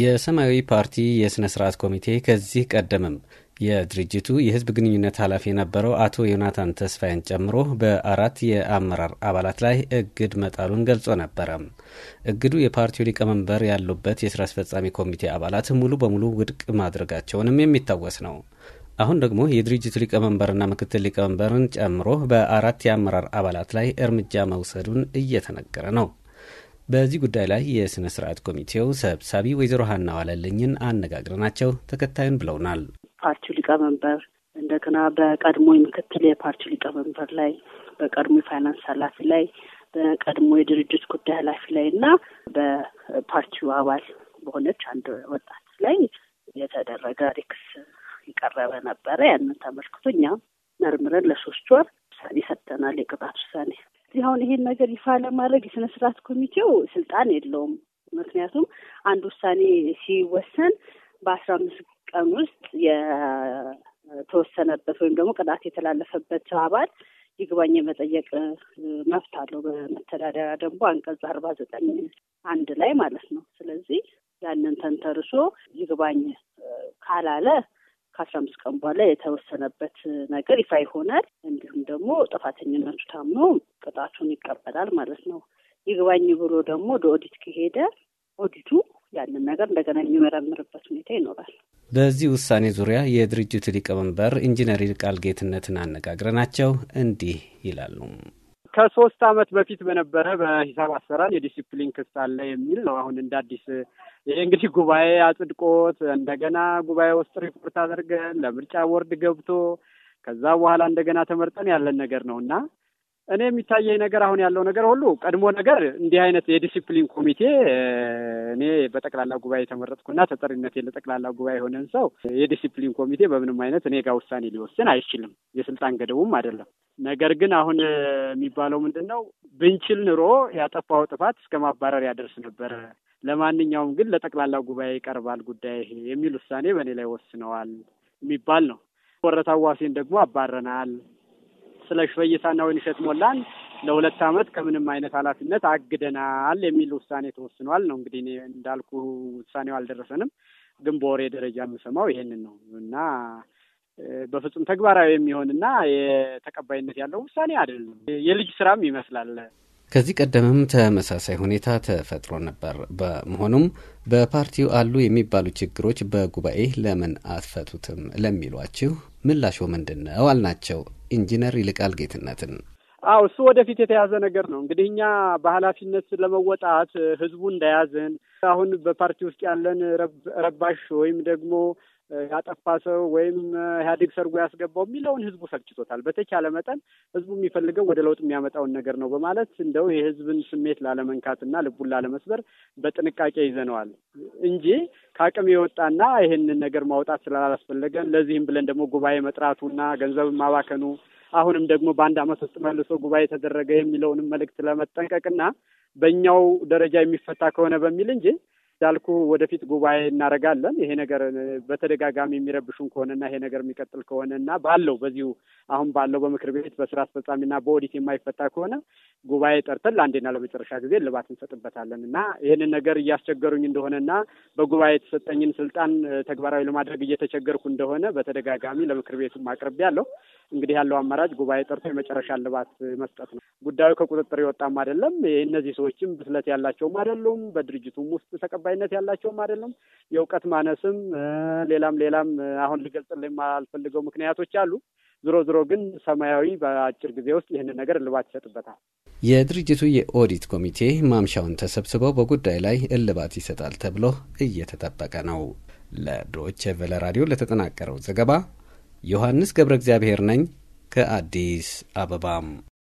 የሰማያዊ ፓርቲ የሥነ ሥርዓት ኮሚቴ ከዚህ ቀደምም የድርጅቱ የሕዝብ ግንኙነት ኃላፊ የነበረው አቶ ዮናታን ተስፋዬን ጨምሮ በአራት የአመራር አባላት ላይ እግድ መጣሉን ገልጾ ነበረ። እግዱ የፓርቲው ሊቀመንበር ያሉበት የሥራ አስፈጻሚ ኮሚቴ አባላት ሙሉ በሙሉ ውድቅ ማድረጋቸውንም የሚታወስ ነው። አሁን ደግሞ የድርጅቱ ሊቀመንበርና ምክትል ሊቀመንበርን ጨምሮ በአራት የአመራር አባላት ላይ እርምጃ መውሰዱን እየተነገረ ነው። በዚህ ጉዳይ ላይ የሥነ ስርዓት ኮሚቴው ሰብሳቢ ወይዘሮ ሀና ዋለልኝን አነጋግረናቸው ተከታዩን ብለውናል። ፓርቲው ሊቀመንበር እንደገና በቀድሞ ምክትል የፓርቲው ሊቀመንበር ላይ በቀድሞ የፋይናንስ ኃላፊ ላይ በቀድሞ የድርጅት ጉዳይ ኃላፊ ላይ እና በፓርቲው አባል በሆነች አንድ ወጣት ላይ የተደረገ ሪክስ የቀረበ ነበረ። ያንን ተመልክቶ እኛም መርምረን ለሶስት ወር ውሳኔ ሰጥተናል። የቅጣት ውሳኔ ስለዚህ አሁን ይሄን ነገር ይፋ ለማድረግ የስነ ስርዓት ኮሚቴው ስልጣን የለውም። ምክንያቱም አንድ ውሳኔ ሲወሰን በአስራ አምስት ቀን ውስጥ የተወሰነበት ወይም ደግሞ ቅጣት የተላለፈበት አባል ይግባኝ የመጠየቅ መብት አለው በመተዳደሪያ ደንቡ አንቀጽ አርባ ዘጠኝ አንድ ላይ ማለት ነው። ስለዚህ ያንን ተንተርሶ ይግባኝ ካላለ ከአስራ አምስት ቀን በኋላ የተወሰነበት ነገር ይፋ ይሆናል። እንዲሁም ደግሞ ጥፋተኝነቱ ታምኖ ቅጣቱን ይቀበላል ማለት ነው። ይግባኝ ብሎ ደግሞ ወደ ኦዲት ከሄደ ኦዲቱ ያንን ነገር እንደገና የሚመረምርበት ሁኔታ ይኖራል። በዚህ ውሳኔ ዙሪያ የድርጅቱ ሊቀመንበር ኢንጂነር ይልቃል ጌትነትን አነጋግረናቸው እንዲህ ይላሉ። ከሶስት ዓመት በፊት በነበረ በሂሳብ አሰራር የዲሲፕሊን ክስ አለ የሚል ነው። አሁን እንደ አዲስ ይሄ እንግዲህ ጉባኤ አጽድቆት እንደገና ጉባኤ ውስጥ ሪፖርት አድርገን ለምርጫ ቦርድ ገብቶ ከዛ በኋላ እንደገና ተመርጠን ያለን ነገር ነው እና እኔ የሚታየኝ ነገር አሁን ያለው ነገር ሁሉ ቀድሞ ነገር እንዲህ አይነት የዲሲፕሊን ኮሚቴ እኔ በጠቅላላ ጉባኤ የተመረጥኩና ተጠሪነት ለጠቅላላ ጉባኤ የሆነን ሰው የዲሲፕሊን ኮሚቴ በምንም አይነት እኔ ጋር ውሳኔ ሊወስን አይችልም። የስልጣን ገደቡም አይደለም። ነገር ግን አሁን የሚባለው ምንድን ነው ብንችል ኑሮ ያጠፋው ጥፋት እስከ ማባረር ያደርስ ነበር። ለማንኛውም ግን ለጠቅላላ ጉባኤ ይቀርባል ጉዳይ የሚል ውሳኔ በእኔ ላይ ወስነዋል የሚባል ነው። ወረታ ዋሴን ደግሞ አባረናል። ስለ ፈይሳና ወይንሸት ሞላን ለሁለት ዓመት ከምንም አይነት ኃላፊነት አግደናል የሚል ውሳኔ ተወስኗል ነው። እንግዲህ እኔ እንዳልኩ ውሳኔው አልደረሰንም፣ ግን በወሬ ደረጃ የምሰማው ይሄንን ነው እና በፍጹም ተግባራዊ የሚሆንና የተቀባይነት ያለው ውሳኔ አይደለም። የልጅ ስራም ይመስላል። ከዚህ ቀደምም ተመሳሳይ ሁኔታ ተፈጥሮ ነበር። በመሆኑም በፓርቲው አሉ የሚባሉ ችግሮች በጉባኤ ለምን አትፈቱትም ለሚሏችሁ ምላሾ ምንድን ነው አልናቸው ኢንጂነር ይልቃል ጌትነትን። አው እሱ ወደፊት የተያዘ ነገር ነው። እንግዲህ እኛ በኃላፊነት ለመወጣት ህዝቡ እንዳያዝን አሁን በፓርቲ ውስጥ ያለን ረባሽ ወይም ደግሞ ያጠፋ ሰው ወይም ኢህአዴግ ሰርጎ ያስገባው የሚለውን ህዝቡ ሰልችቶታል። በተቻለ መጠን ህዝቡ የሚፈልገው ወደ ለውጥ የሚያመጣውን ነገር ነው በማለት እንደው የህዝብን ስሜት ላለመንካትና ልቡን ላለመስበር በጥንቃቄ ይዘነዋል እንጂ ከአቅም የወጣና ይህንን ነገር ማውጣት ስላላስፈለገ ለዚህም ብለን ደግሞ ጉባኤ መጥራቱና ገንዘብን ማባከኑ አሁንም ደግሞ በአንድ አመት ውስጥ መልሶ ጉባኤ ተደረገ የሚለውንም መልእክት ለመጠንቀቅና በእኛው ደረጃ የሚፈታ ከሆነ በሚል እንጂ እንዳልኩ ወደፊት ጉባኤ እናደርጋለን። ይሄ ነገር በተደጋጋሚ የሚረብሹን ከሆነና ይሄ ነገር የሚቀጥል ከሆነ እና ባለው በዚሁ አሁን ባለው በምክር ቤት በስራ አስፈጻሚና በኦዲት የማይፈታ ከሆነ ጉባኤ ጠርተን ለአንዴና ለመጨረሻ ጊዜ ልባት እንሰጥበታለን እና ይህንን ነገር እያስቸገሩኝ እንደሆነና በጉባኤ የተሰጠኝን ስልጣን ተግባራዊ ለማድረግ እየተቸገርኩ እንደሆነ በተደጋጋሚ ለምክር ቤቱ ማቅረብ ያለው እንግዲህ ያለው አማራጭ ጉባኤ ጠርቶ የመጨረሻ ልባት መስጠት ነው። ጉዳዩ ከቁጥጥር የወጣም አይደለም። እነዚህ ሰዎችም ብስለት ያላቸውም አይደሉም። በድርጅቱም ውስጥ ተቀባይ ተቀባይነት ያላቸውም አይደለም። የእውቀት ማነስም ሌላም ሌላም አሁን ልገልጽልኝ የማልፈልገው ምክንያቶች አሉ። ዝሮ ዝሮ ግን ሰማያዊ በአጭር ጊዜ ውስጥ ይህንን ነገር እልባት ይሰጥበታል። የድርጅቱ የኦዲት ኮሚቴ ማምሻውን ተሰብስበው በጉዳይ ላይ እልባት ይሰጣል ተብሎ እየተጠበቀ ነው። ለዶች ቨለ ራዲዮ ለተጠናቀረው ዘገባ ዮሐንስ ገብረ እግዚአብሔር ነኝ ከአዲስ አበባም